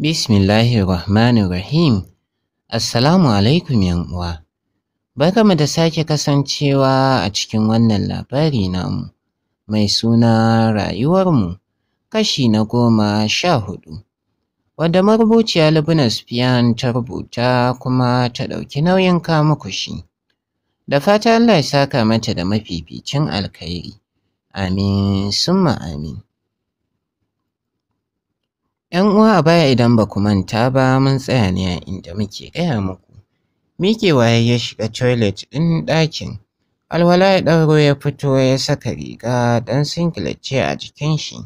Bismillahirrahmanirrahim. Assalamu alaikum 'yan uwa. mu da sake kasancewa a cikin wannan labari namu mai suna rayuwarmu kashi na goma sha hudu. Wadda marubuciya Lubna Spiyan ta rubuta kuma ta ɗauki nauyin muku shi. Da fata Allah ya saka mata da mafificin alkhairi. Amin summa amin. ‘Yan uwa a baya idan ba ku manta ba mun tsaya ne a inda muke gaya muku. Mikewa ya shiga toilet ɗin ɗakin. Alwala ya ɗauro ya fito ya saka riga ɗan singilace a jikin shi.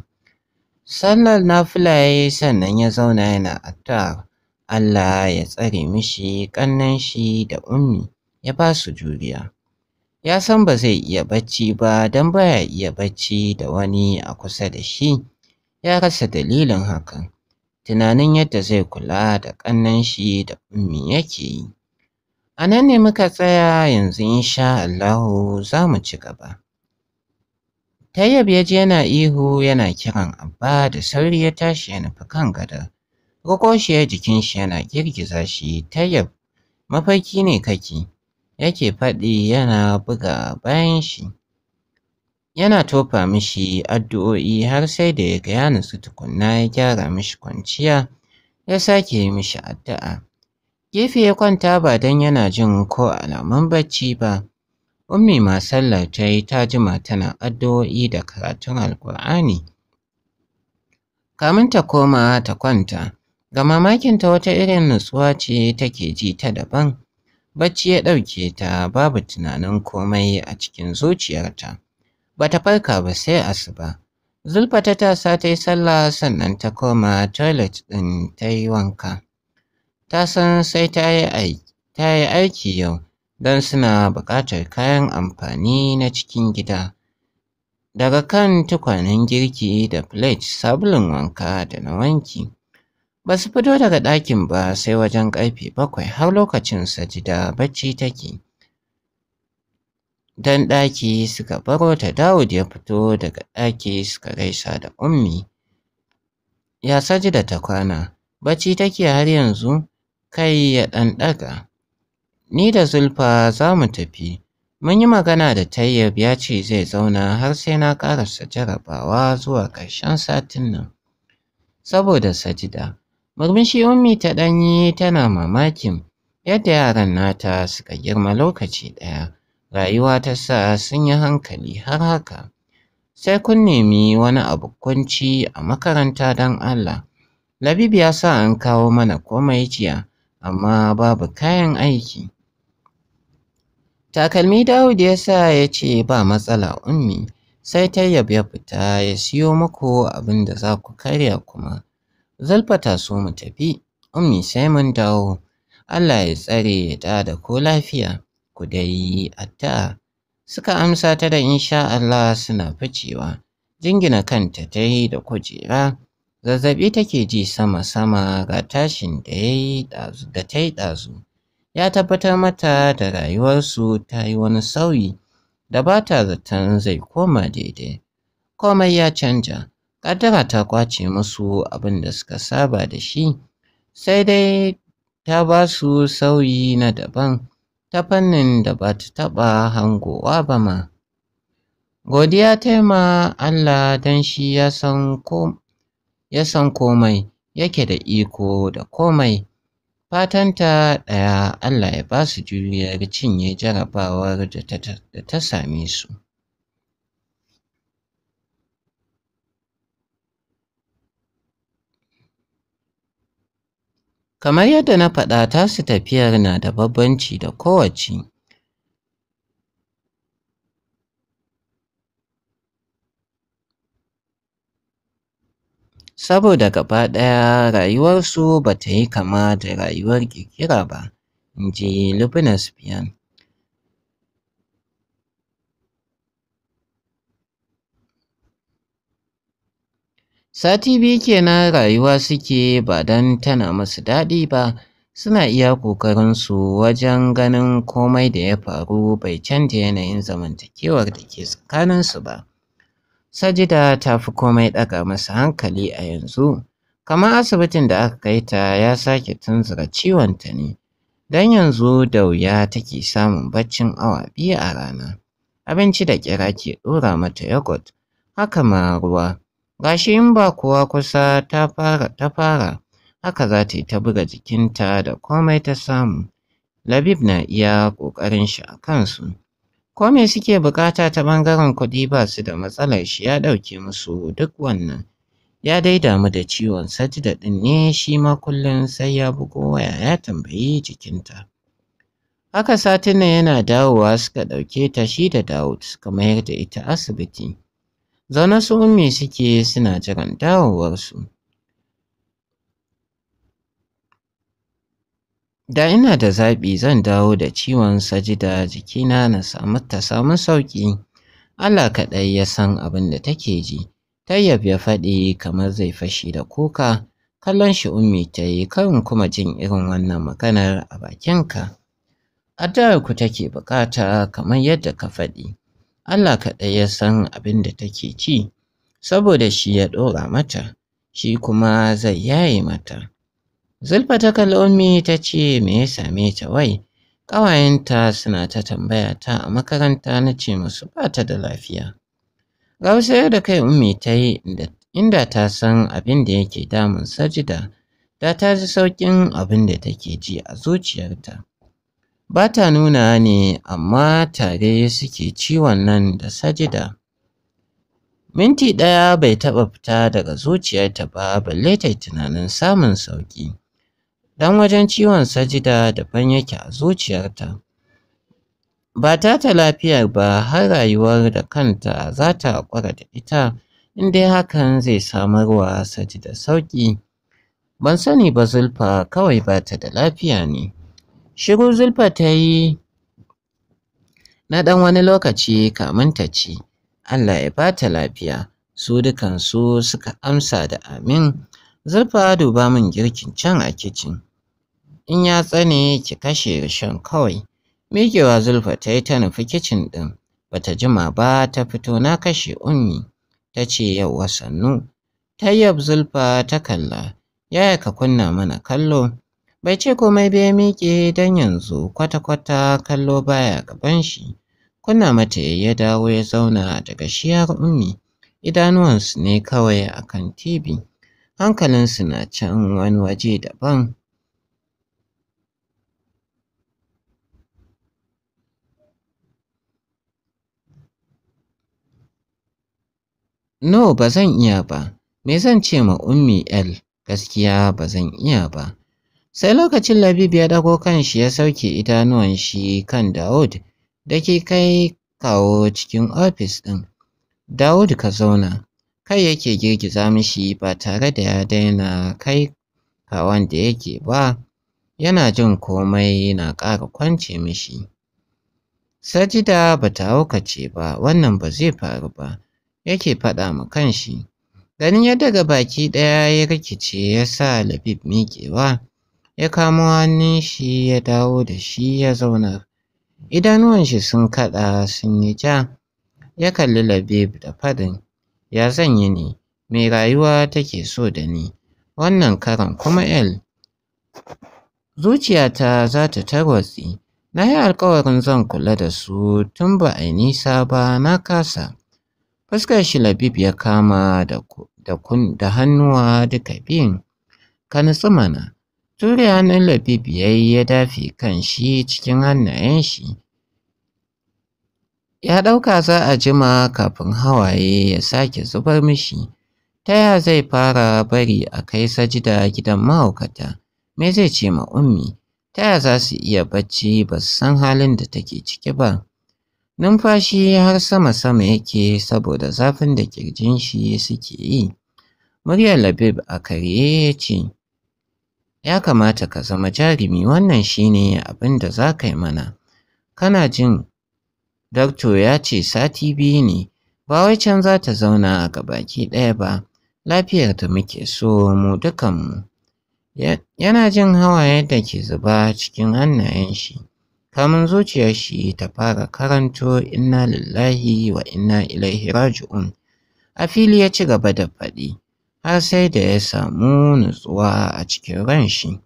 Sallar na fulaye sannan ya zauna yana addu'a. Allah ya tsare mishi ƙannen shi da ummi ya ba su juriya. Ya san ba zai iya bacci ba don baya iya bacci da wani a kusa da shi. ya rasa dalilin hakan. tunanin yadda zai kula da ƙannen shi da ummi yake yi. A nan ne muka tsaya yanzu insha Allahu za mu ci gaba. Tayyab ya ji yana ihu yana kiran Abba da sauri ya tashi ya nufi kan gada. shi ya jikin shi yana girgiza shi Tayyab mafarki ne kake yake faɗi yana buga bayan shi. yana tofa mishi addu'o'i har sai da ya ga ya nutsu tukunna ya gyara mishi kwanciya ya sake yi mishi addu'a. Gefe ya kwanta ba don yana jin ko alamun bacci ba. Ummi ma sallar ta yi ta jima tana addu'o'i da karatun Alkur'ani. Kamin ta koma ta kwanta, ga mamakinta wata irin nutsuwa ce take ji ta daban. Bacci ya ɗauke ta babu tunanin komai a cikin zuciyarta. bata farka ba sai asuba. Zulfa ta tasa ta yi sallah sannan ta koma toilet ɗin ta yi wanka. Ta san sai ta yi aiki yau don suna buƙatar kayan amfani na cikin gida. Daga kan tukwanen girki da plate sabulun wanka da na wanki. Ba su fito daga ɗakin ba sai wajen ƙarfe bakwai har lokacin sajida bacci take. dan ɗaki suka baro ta Dawud ya fito daga ɗaki suka gaisa da ummi. Ya saji da ta kwana, bacci take har yanzu kai ya ɗan ɗaga. Ni da Zulfa za mu tafi, mun yi magana da Tayyab ya ce zai zauna har sai na ƙarasa jarabawa zuwa ƙarshen satin nan. Saboda sajida, murmushi ummi ta ɗanyi tana mamakin yadda yaran nata suka girma lokaci ɗaya. Rayuwa ta sa sun yi hankali har haka. Sai kun nemi wani abu kunci a makaranta don Allah. Labib ya sa an kawo mana komai jiya, amma babu kayan aiki. Takalmi Dawud ya sa ya ce ba matsala ummi, sai Tayyab ya fita ya siyo muku abin da za ku karya kuma. Zulfata so mu tafi, ummi sai mun dawo. Allah ya tsare ya da ko lafiya. ku dai atta suka amsa ta da insha Allah suna ficewa jingina kanta ta yi da kujera zazzabi take ji sama-sama ga tashin da ta yi ɗazu ya tabbatar mata da rayuwarsu ta yi wani sauyi da ba ta zaton zai koma daidai komai ya canja ƙaddara ta kwace musu abin da suka saba da shi sai dai ta ba su sauyi na daban ta fannin da ba ta taɓa hangowa ba ma. Godiya taima Allah don shi ya san komai yake da iko da komai. Fatanta ɗaya Allah ya ba su juriyar cinye jarabawar da ta same su. Kamar yadda na faɗa tasu tafiyar na da babbanci da kowace. Saboda gaba ɗaya rayuwarsu ba ta yi kama da rayuwar ƙirƙira ba, in ji Lubna biyan. Sati biyu kenan rayuwa suke ba don tana masu daɗi ba, suna iya ƙoƙarinsu wajen ganin komai da ya faru bai canja yanayin zamantakewar da ke tsakaninsu ba. Sajida ta fi komai ɗaga masa hankali a yanzu, kamar asibitin da aka kai ta ya sake tunzura ta ne, don yanzu da wuya take samun baccin awa biyu a rana. Abinci da ƙira ke ɗora mata yogurt, haka ma ruwa. gashi in ba kuwa kusa ta fara ta fara haka za ta yi ta buga jikinta da komai ta samu labib na iya ƙoƙarin shi a kansu ko suke bukata ta ɓangaren kuɗi ba su da matsalar shi ya ɗauke musu duk wannan ya dai damu da ciwon sajida ɗin ne shi ma kullum sai ya bugo waya ya tambayi jikinta haka satin yana dawowa suka ɗauke ta shi da Dawud suka mayar da ita asibiti zana su ummi suke suna jiran dawowarsu. Da ina da zaɓi zan dawo da ciwon sajida jikina na samu ta samun sauƙi. Allah kaɗai ya san abin da take ji. Tayyab ya faɗi kamar zai fashi da kuka, kallon shi ummi ta yi karin kuma jin irin wannan maganar a bakinka. Addu'ar ku take buƙata kamar yadda ka faɗi. Allah kaɗai ya san abin da take ci, saboda shi ya ɗora mata, shi kuma zai yaye mata. Zulfa ta kalli ummi ta ce me ya same ta wai, ƙawayenta suna ta tambaya ta a makaranta na ce musu ba da lafiya. Gausayar da kai ummi ta yi inda ta san abin da yake damun sajida, da ta ji sauƙin abin da take ji a zuciyarta. ba ta nuna ne amma tare suke ciwon nan da sajida. Minti ɗaya bai taɓa fita daga zuciyarta ba balle ta tunanin samun sauƙi. Dan wajen ciwon sajida daban yake a zuciyarta. Ba ta ta lafiyar ba har rayuwar da kanta za ta haƙura da ita in dai hakan zai samarwa sajida sauƙi. Ban sani ba Zulfa kawai ba ta da lafiya ne. Shiru Zulfa ta yi na ɗan wani lokaci kamin ta ci Allah ya bata lafiya, su dukansu suka amsa da amin. Zulfa duba min girkin can a kicin. In ya tsane ki kashe shan kawai. Miƙewa Zulfa ta yi ta nufi kicin ɗin. Bata jima ba ta fito na kashe ummi. Ta ce yauwa sannu. Tayyab Zulfa ta kalla. Yaya ka kunna mana kallo. Bai ce komai ba ya miƙe don yanzu kwata-kwata kallo baya gaban shi. Kunna mata ya dawo ya zauna daga shiyar ummi. Idanuwansu ne kawai a kan TV. Hankalinsu na can wani waje daban. No, ba zan iya ba. Me zan ce ma Ummi L? Gaskiya ba zan iya ba. Sai lokacin Labib ya dago kanshi ya sauke idanuwan shi kan Dawud da ke kai kawo cikin ofis ɗin. Dawud ka zauna, kai yake girgiza mishi ba tare da ya daina kai kawon da yake ba, yana jin komai na ƙara kwance mishi. Sajida ba ta aukace ba, wannan ba zai faru ba, yake faɗa ma kanshi. Ganin ya daga baki ɗaya ya rikice ya sa Labib miƙewa. ya kamo hannun shi ya dawo da shi ya zauna idanuwan shi sun kaɗa sun yi ja ya kalli labib da fadin ya yi ne mai rayuwa take so da ni wannan karan kuma el zuciyata za ta tarwatsi na yi alkawarin zan kula da su tun ba a nisa ba na kasa fuskar shi labib ya kama da, da hannuwa duka biyun ka nutsu mana Ture hannun Labib ya yi ya dafe kan shi cikin hannayen shi. Ya ɗauka za a jima kafin hawaye ya sake zubar mishi. Ta ya zai fara bari a kai sajida gidan mahaukata? Me zai ce ma ummi? Ta ya za su iya bacci ba su san halin da take ciki ba? Numfashi har sama-sama yake saboda zafin da kirjin shi suke yi. Muryar Labib a karye ya ce, ya kamata ka zama jarumi wannan shine abin da za ka yi mana kana jin dakto ya ce sati biyu ne ba wai can za ta zauna a gabaki ɗaya ba lafiyar da muke so mu dukanmu yana jin hawaye da ke zuba cikin hannayen shi kamun zuciya shi ta fara karanto inna lillahi wa inna ilaihi raji'un a fili ya ci gaba da faɗi har sai da ya samu nutsuwa a cikin ran shi.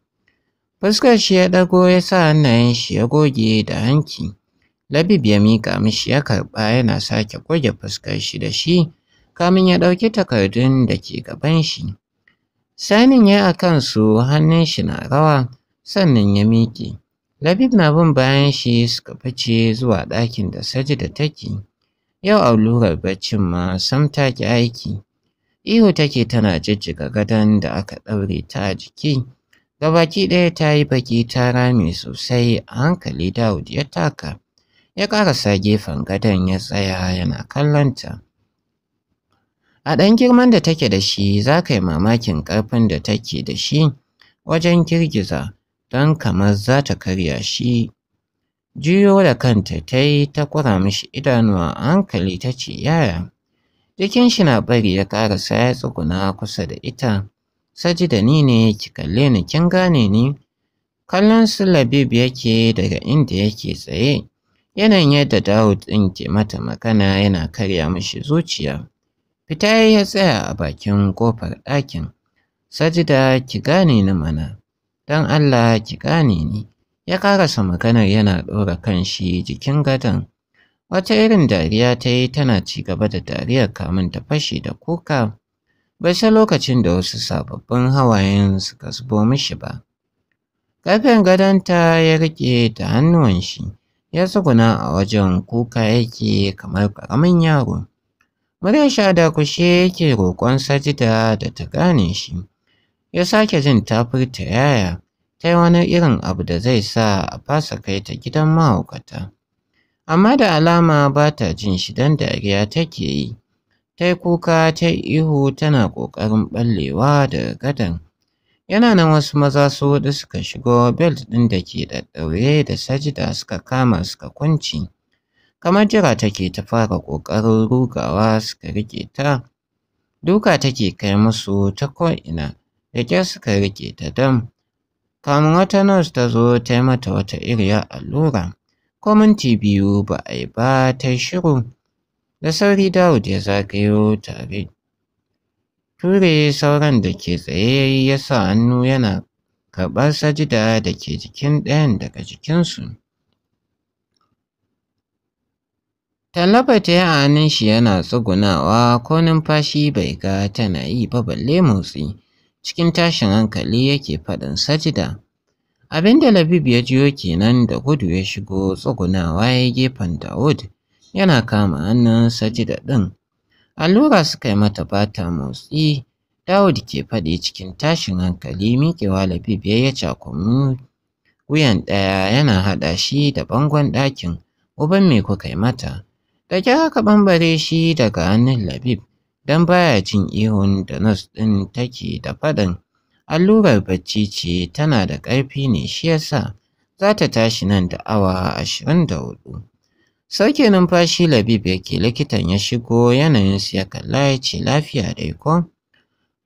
Fuskar shi ya ɗago ya sa hannayen shi ya goge da hanki. Labib ya miƙa mishi ya karɓa yana sake goge fuskar shi da shi kamin ya ɗauki takardun da ke gaban shi. Sanin ya a kansu hannun shi na rawa sannan ya miƙe. Labib na bin bayan shi suka fice zuwa ɗakin da sajida take. Yau allurar baccin ma sam ta aiki. Ihu take tana jijjiga gadon da aka ɗaure ta a jiki. Gabaki ɗaya ta yi baki ta rame sosai a hankali Dawud ya taka. Ya ƙarasa gefen gadon ya tsaya yana kallonta. A ɗan girman da take da shi za ka yi mamakin ƙarfin da take da shi wajen girgiza don kamar za ta karya shi. Juyo da kanta ta yi ta kura mishi idanuwa a hankali ta ce yaya. Jikin shi na bari ya karasa ya tsuguna kusa da ita. Saji da ni ne ki kalle ni kin gane ni. Kallon su Labib yake daga inda yake tsaye. Yanayin yadda Dawud ɗin ke mata magana yana karya mishi zuciya. Fita ya tsaya a bakin ƙofar ɗakin. Sajida ki gane ni mana, don Allah ki gane ni. Ya karasa maganar yana ɗora kan shi jikin gadon. Wata irin dariya ta yi tana ci gaba da dariyar kamun ta fashe da kuka. Bai sai lokacin da wasu sababbin hawayen suka zubo mishi ba. Ƙarfen gadonta ya riƙe da hannuwan shi, ya tsuguna a wajen kuka yake kamar ƙaramin yaro. sha da kushe yake roƙon sajida da ta gane shi. Ya sake jin ta yaya, ta yi wani irin abu da zai sa a fasa kai ta gidan mahaukata. amma da alama ba ta jin shi don dariya take yi. Ta yi kuka ta ihu tana ƙoƙarin ɓallewa daga gadon. Yana nan wasu maza su huɗu suka shigo belt ɗin da ke ɗaɗɗaure da sajida suka kama suka kunci. Kamar jira take ta fara ƙoƙarin rugawa suka rike ta. Duka take kai musu ta ko'ina, da ke suka riƙe ta dam. Kamun wata nurse ta zo ta yi mata wata iriya allura. ko minti biyu ba a yi ba ta shirin da sauri Dawud ya zagayo tare. Ture sauran da ke tsaye ya sa hannu yana karɓar sajida da ke jikin ɗayan daga jikinsu. Talaba ta yi a hannun shi yana tsugunawa ko numfashi bai ga tana yi ba balle motsi cikin tashin hankali yake faɗin sajida. Abin da Labib ya jiyo kenan da gudu ya shigo tsugunawa ya gefen Dawud yana kama hannun sajida ɗin. Allura suka yi mata bata motsi, Dawud ke faɗi cikin tashin hankali miƙewa Labib ya yi cakumi wuyan ɗaya yana haɗa shi da bangon ɗakin, uban me kuka yi mata. Da kyar haka ɓambare shi daga hannun Labib don baya jin ihun da nas ɗin take da faɗan. Allurar bacci ce tana da ƙarfi ne shi yasa za ta tashi nan da awa ashirin da hudu. Sauke numfashi Labib yake likitan ya shigo yanayinsu ya kalla ya ce lafiya dai ko?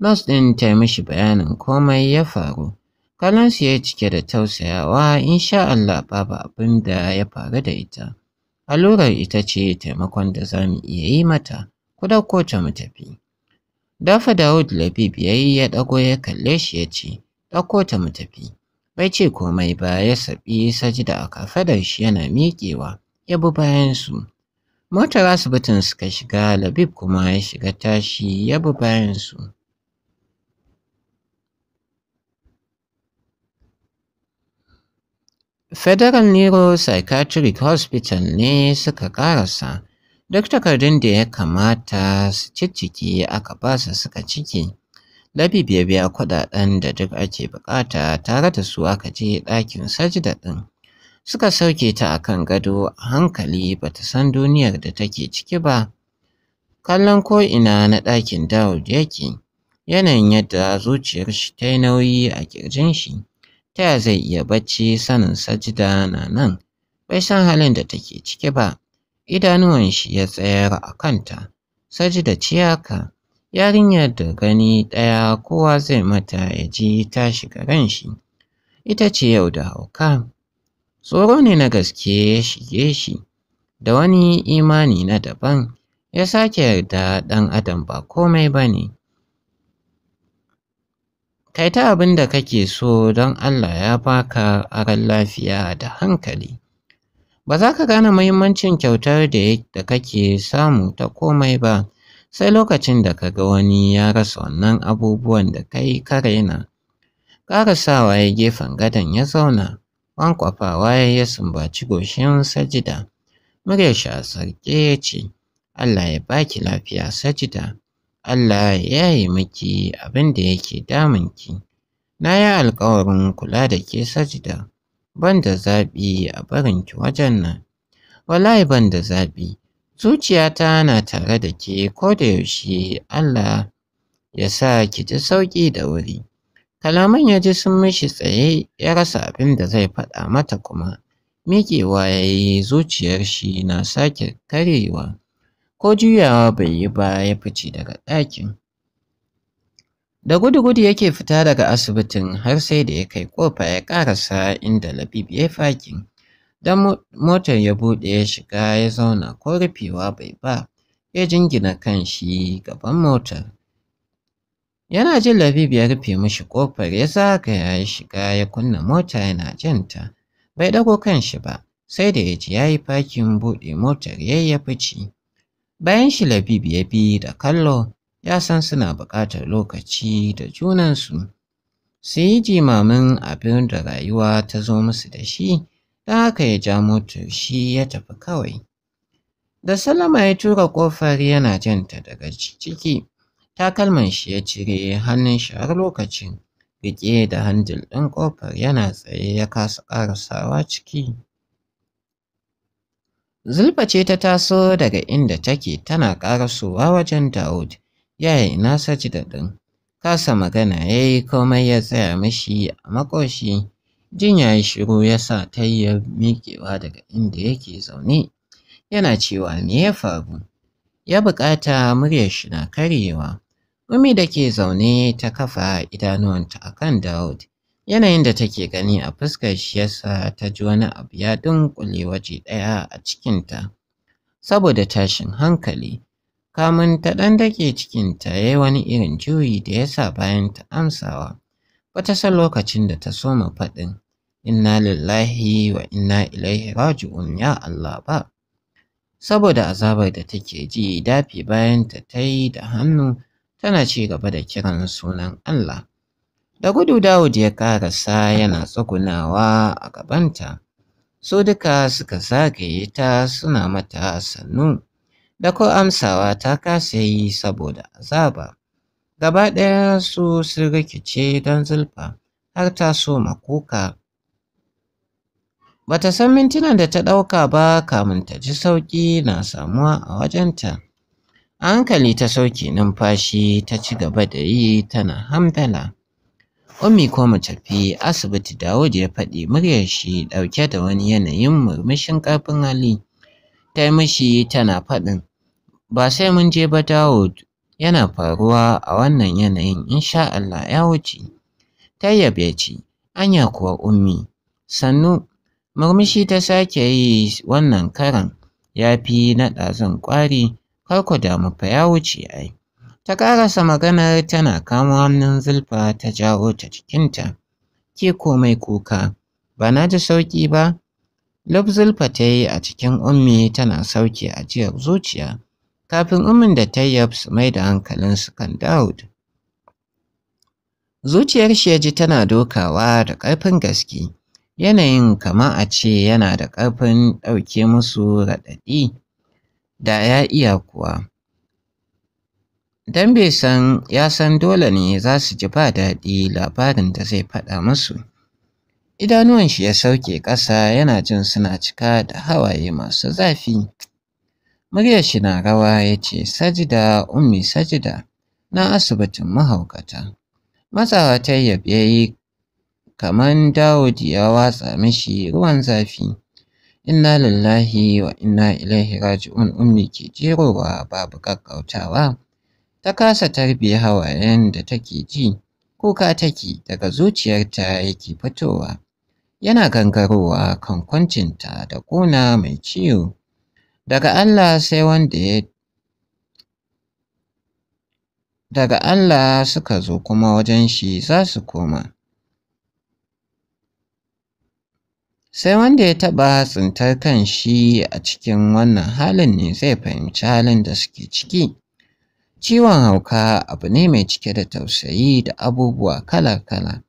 Nos ɗin ta mishi bayanin komai ya faru. Kalansu ya cike da tausayawa in sha Allah babu abin da ya faru da ita. Allurar ita ce taimakon da za mu iya yi mata, ku dauko ta mu tafi. Dafa Dawud Labib ya yi ya ɗago ya kalle shi ya ce, ɗauko ta mu tafi. Bai ce komai ba ya saɓi da aka fadar shi yana miƙewa, ya bi bayansu. Motar asibitin suka shiga Labib kuma ya shiga tashi ya bi bayansu. Federal Neuropsychiatric Hospital ne suka ƙarasa. Duk takardun da ya kamata su ciccike aka ba su suka cike. Labib ya biya da duk ake bukata tare da su aka je ɗakin sajida ɗin. Suka sauke ta a kan gado a hankali ba ta san duniyar da take ciki ba. Kallon ko'ina na ɗakin Dawud yake, yanayin yadda zuciyar shi ta yi nauyi a kirjin shi. Ta zai iya bacci sanin sajida na nan, bai san halin da take ciki ba. idanuwan shi ya tsayar a kanta sajida ciyaka yarinyar da gani ɗaya kowa zai mata ya ji ta shiga ran shi ita ce yau da hauka tsoro ne na gaske ya shige shi da wani imani na daban ya sake yarda ɗan adam ba komai ba ne kai ta abin da kake so don allah ya baka aran lafiya da hankali ba za ka gane muhimmancin kyautar da kake samu ta komai ba sai lokacin da ka ga wani ya rasa wannan abubuwan da kai ka raina ƙarasawa ya gefen gadon ya zauna Wankwafawa ya sumbaci goshin sajida muryar shi a sarki ya ce Allah ya baki lafiya sajida Allah ya yi miki abin da yake damunki na yi alkawarin kula da ke sajida ban da zaɓi a barin ki wajen nan. Wallahi ban da zaɓi, zuciyata na tare da ke ko da yaushe Allah ya sa ki ji sauƙi da wuri. Kalaman ya ji sun mishi tsaye ya rasa abin da zai faɗa mata kuma. Miƙewa ya yi zuciyar shi na sake karewa, ko juyawa bai yi ba ya fice daga ɗakin. Da gudu-gudu yake fita daga asibitin har sai da ya kai kofa ya karasa inda Labib ya fakin. Dan motar ya buɗe ya shiga ya zauna ko rufewa bai ba, ya jingina kan shi gaban motar. Yana jin Labib ya rufe mashi kofar ya zagaya ya shiga ya kunna mota yana janta. Bai dago kan shi ba, sai da ya ji ya yi fakin buɗe motar ya yi ya fice. Bayan shi Labib ya bi da kallo ya san suna buƙatar lokaci da junansu su yi jimamin abin da rayuwa ta zo musu da shi da haka ya ja motar shi ya tafi kawai da salama ya tura ƙofar yana janta daga ciki takalman shi ya cire hannun shi har lokacin riƙe da handil ɗin ƙofar yana tsaye ya kasa ƙarasawa ciki Zulfa ce ta taso daga inda take tana ƙarasowa wajen Dawud. Yaya ina saji da ɗin. Kasa magana ya yi komai ya tsaya mashi a makoshi. Jin ya yi shiru ya sa ta yi miƙewa daga inda yake zaune. Yana cewa me ya faru? Ya buƙata muryar shi na karyewa. Umi da ke zaune ta kafa idanuwanta a kan Dawud. Yanayin da take gani a fuskar shi ya sa ta ji wani abu ya dunkule waje ɗaya a cikinta. Saboda tashin hankali, Kamun ta ɗan dake cikinta ya yi wani irin juyi da ya sa bayan ta amsawa, wata san lokacin da ta soma faɗin, Inna lillahi wa inna ilaihi raji'un ya Allah ba. Saboda azabar da take ji dafi bayan ta ta yi da hannu tana ci gaba da kiran sunan Allah. Da gudu Dawud ya karasa yana tsugunawa a gabanta, su duka suka zagaye ta suna mata sannu. da ko amsawa ta kasa yi saboda azaba. Gaba ɗaya su sun rikice don zulfa har ta soma kuka. ta san mintunan da ta ɗauka ba kamun ta ji sauƙi na samuwa a wajenta. A hankali ta sauke numfashi ta ci gaba da yi tana hamdala. Ummi ko mu tafi asibiti Dawud ya faɗi muryar shi ɗauke da wani yanayin murmushin ƙarfin hali. ta mishi tana faɗin ba sai mun je ba Dawud yana faruwa a wannan yanayin insha Allah ya wuce. Tayyab ya ce anya kuwa ummi sannu murmushi ta sake yi wannan karan ya fi na ɗazan ƙwari kar ku damu fa ya wuce ai. Ta ƙarasa maganar tana kamo hannun zulfa ta jawo ta cikinta. Ke komai kuka ba na ji sauƙi ba Lubzul ta a cikin ummi tana sauke ajiyar zuciya kafin ummin da Tayyab su mai da hankalin su kan daud Zuciyar shi ya ji tana dokawa da ƙarfin gaske, yanayin kama a ce yana da ƙarfin ɗauke musu raɗaɗi da ya iya kuwa. Dan bai san ya san dole ne za su ji ba daɗi labarin da zai faɗa musu. Idanuwan shi ya sauke ƙasa yana jin suna cika da hawaye masu zafi. Muryar shi na rawa ya ce, Sajida, Ummi Sajida, na asibitin mahaukata. Matsawa ta yabe kaman dawud ya watsa mishi ruwan zafi. Inna lillahi wa inna ilaihi raji'un ummi ke jerowa babu ƙaƙƙautawa. Ta kasa tarbi hawayen da take ji, kuka take daga zuciyarta yake fitowa. yana gangarowa kan kwancinta da kuna mai ciwo. Daga Allah sai wanda ya daga Allah suka zo kuma wajen shi za su koma. Sai wanda ya taɓa tsintar kan shi a cikin wannan halin ne zai fahimci halin da suke ciki. Ciwon hauka abu ne mai cike da tausayi da abubuwa kala-kala.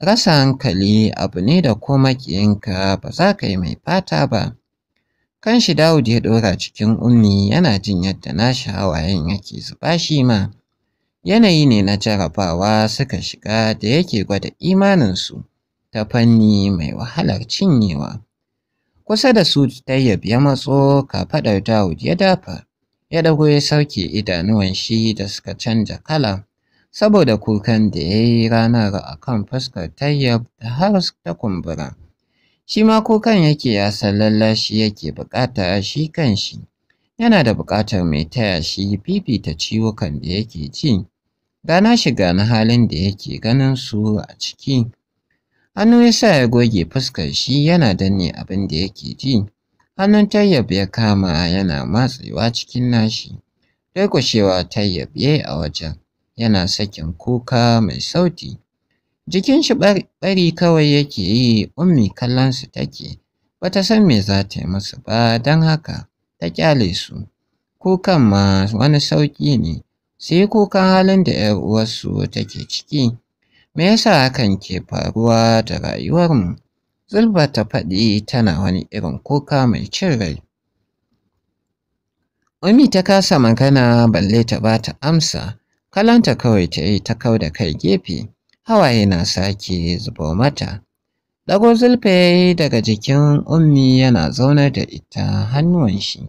rasa hankali abu ne da ko maƙiyinka ba za ka yi mai fata ba kan shi Dawud ya ɗora cikin ummi yana jin yadda nashi hawayen yake zuba shi ma yanayi ne na jarabawa suka shiga da yake gwada imaninsu ta fanni mai wahalar cinyewa kusa da su tayyab ya matso kafaɗar Dawud ya dafa ya dago ya sauke idanuwan shi da suka canja kala saboda kukan da ya yi ranar a kan fuskar tayyab da har ta kumbura. Shi ma kukan yake ya san lallashi yake bukata shi kan shi, yana da bukatar mai taya shi fifita ciwukan da yake ci, gana shiga na halin da yake ganin su a ciki. Hannu ya sa ya goge fuskar shi yana danne abin da yake ji, hannun tayyab ya kama yana matsewa cikin nashi, dai kushewa tayyab ya yi a wajen. yana sakin kuka mai sauti. Jikin shi bari kawai yake yi ummi kallonsu take, bata san me za ta yi musu ba don haka ta kyale su. Kukan ma wani sauƙi ne, sai kukan halin da ‘yar uwarsu take ciki. Me yasa hakan ke faruwa da rayuwarmu? Zulba ta faɗi tana wani irin kuka mai cin rai. Ummi ta kasa magana balle ta ba ta amsa, Kalanta kawai ta yi ta kau da kai gefe, hawaye na sake zubo mata. Dago zulfa daga jikin ummi yana zaune da ita hannuwan shi.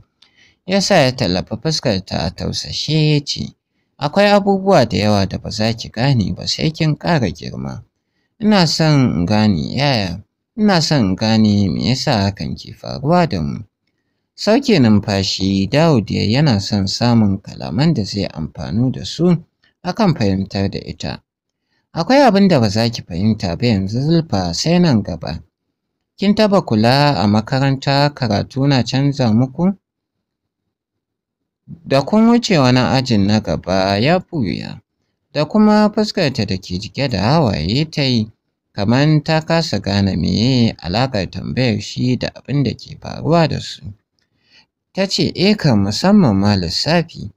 Ya sa ya tallafa ta a tausashe ya ce, Akwai abubuwa da yawa da ba za ki gane ba sai kin ƙara girma. Ina son in gane yaya, ina son in gane me yasa hakan ke faruwa da mu. Sauke numfashi Dawud yana son samun kalaman da zai amfanu da su akan fahimtar da ita. Akwai abin da ba za ki fahimta ba yanzu zulfa sai nan gaba. Kin taba kula a makaranta karatu na canza muku? Da kun wuce wani ajin na gaba ya buya, da kuma fuskarta da ke jike da hawaye ta yi, kamar ta kasa gane meye alaƙar tambayar shi da abin da ke faruwa da su. Ta ce, e eh kan musamman ma lissafi.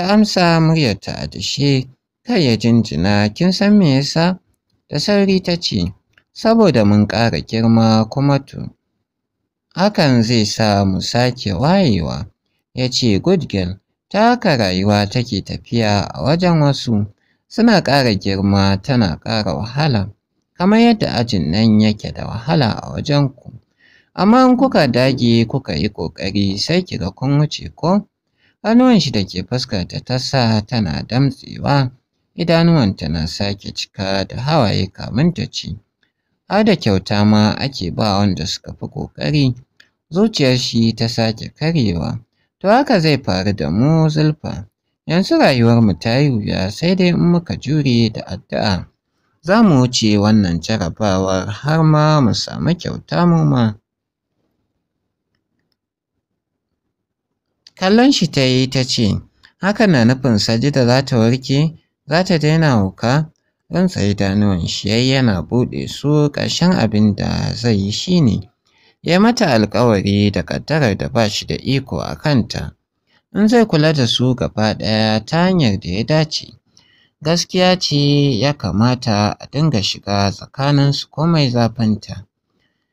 ta amsa muryarta a dashe kai ya jinjina kin san me yasa da sauri ta ce saboda mun ƙara girma kuma to hakan zai sa mu sake wayewa ya ce good girl ta haka rayuwa take tafiya a wajen wasu suna ƙara girma tana ƙara wahala kamar yadda ajin nan yake da wahala a wajen ku amma in kuka dage kuka yi ƙoƙari sai kiga kun wuce ko Hannuwanshi da ke fuska ta sa tana damtsewa, idanuwanta na sake cika da hawaye kamun ta ci. har da kyauta ma ake ba wanda suka fi ƙoƙari, zuciyar shi ta sake karyewa. To haka zai faru da mu zulfa, yanzu rayuwarmu ta yi wuya sai dai in muka jure da addu'a. Za mu wuce wannan jarabawar har ma mu samu kyauta mu ma. Kallon shi ta yi ta ce, haka na nufin sajida za ta warke, za ta daina wuka zan tsaye danuwan shi yayi yana buɗe su ƙarshen abin da zai yi shi ne. Ya mata alkawari da ƙaddarar da ba shi da iko a kanta, in zai kula da su gaba ɗaya ta hanyar da ya dace. Gaskiya ce ya kamata a dinga shiga tsakanin tsakaninsu komai zafinta.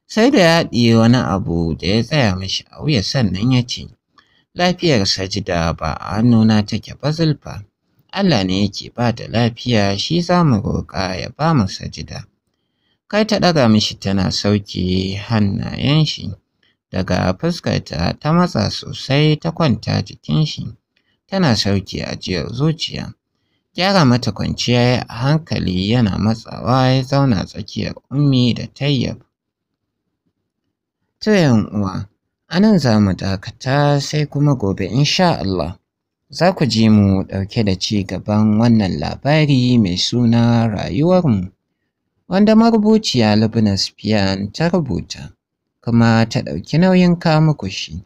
Sai da ya wani abu da ya tsaya mashi a wuya sannan ya ce, lafiyar sajida ba a hannuna take ba zulfa Allah ne yake ba da lafiya shi za mu roƙa ya ba mu sajida kai ta ɗaga mishi tana sauke hannayen shi daga fuskarta ta matsa sosai ta kwanta jikin shi tana sauke ajiyar zuciya gyara mata kwanciya a hankali yana matsawa ya zauna tsakiyar ummi da tayyab to uwa A nan za mu dakata sai kuma gobe insha Allah. Za ku ji mu ɗauke da ci gaban wannan labari mai suna rayuwarmu, wanda marubuciya Lubna Spian ta rubuta, kuma ta ɗauki nauyin muku shi.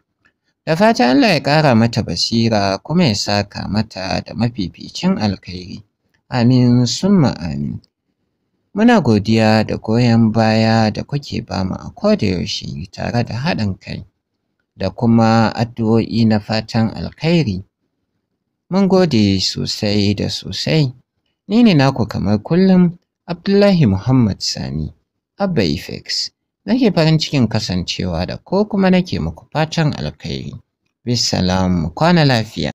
Da fatan Allah ya ƙara mata basira kuma ya saka mata da mafificin alkhairi. Amin summa amin. Muna godiya da goyon baya da kuke bamu a yaushe tare da haɗin kai. da kuma addu'o'i na fatan alkhairi. Mun gode sosai da sosai. Ni ne naku kamar kullum Abdullahi Muhammad Sani, Abba Ifex. Nake farin cikin kasancewa da ko kuma nake muku fatan alkhairi. Bisalam kwana lafiya.